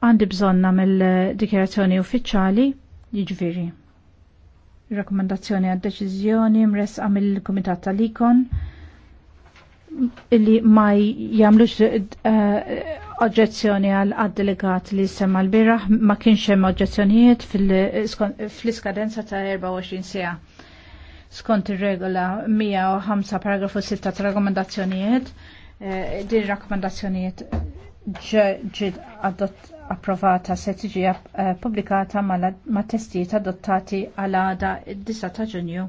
għandi bżonna mill-dikjerazzjoni eh, uffiċjali jiġviri. Rakkomandazzjoni għad deċiżjoni mres mill-Kumitat tal-Ikon illi ma jamlux eh, oġġezzjoni għal għad delegat li semma l birraħ ma kienx hemm oġġezzjonijiet fl-iskadenza ta' 24 sija. Skont ir-regola 105 paragrafu 6 ta' rakkomandazzjonijiet, eh, din rakkomandazzjonijiet ġiet approvata se tiġi eh, pubblikata ma' testijiet adottati għal għada id-9 ta' Ġunju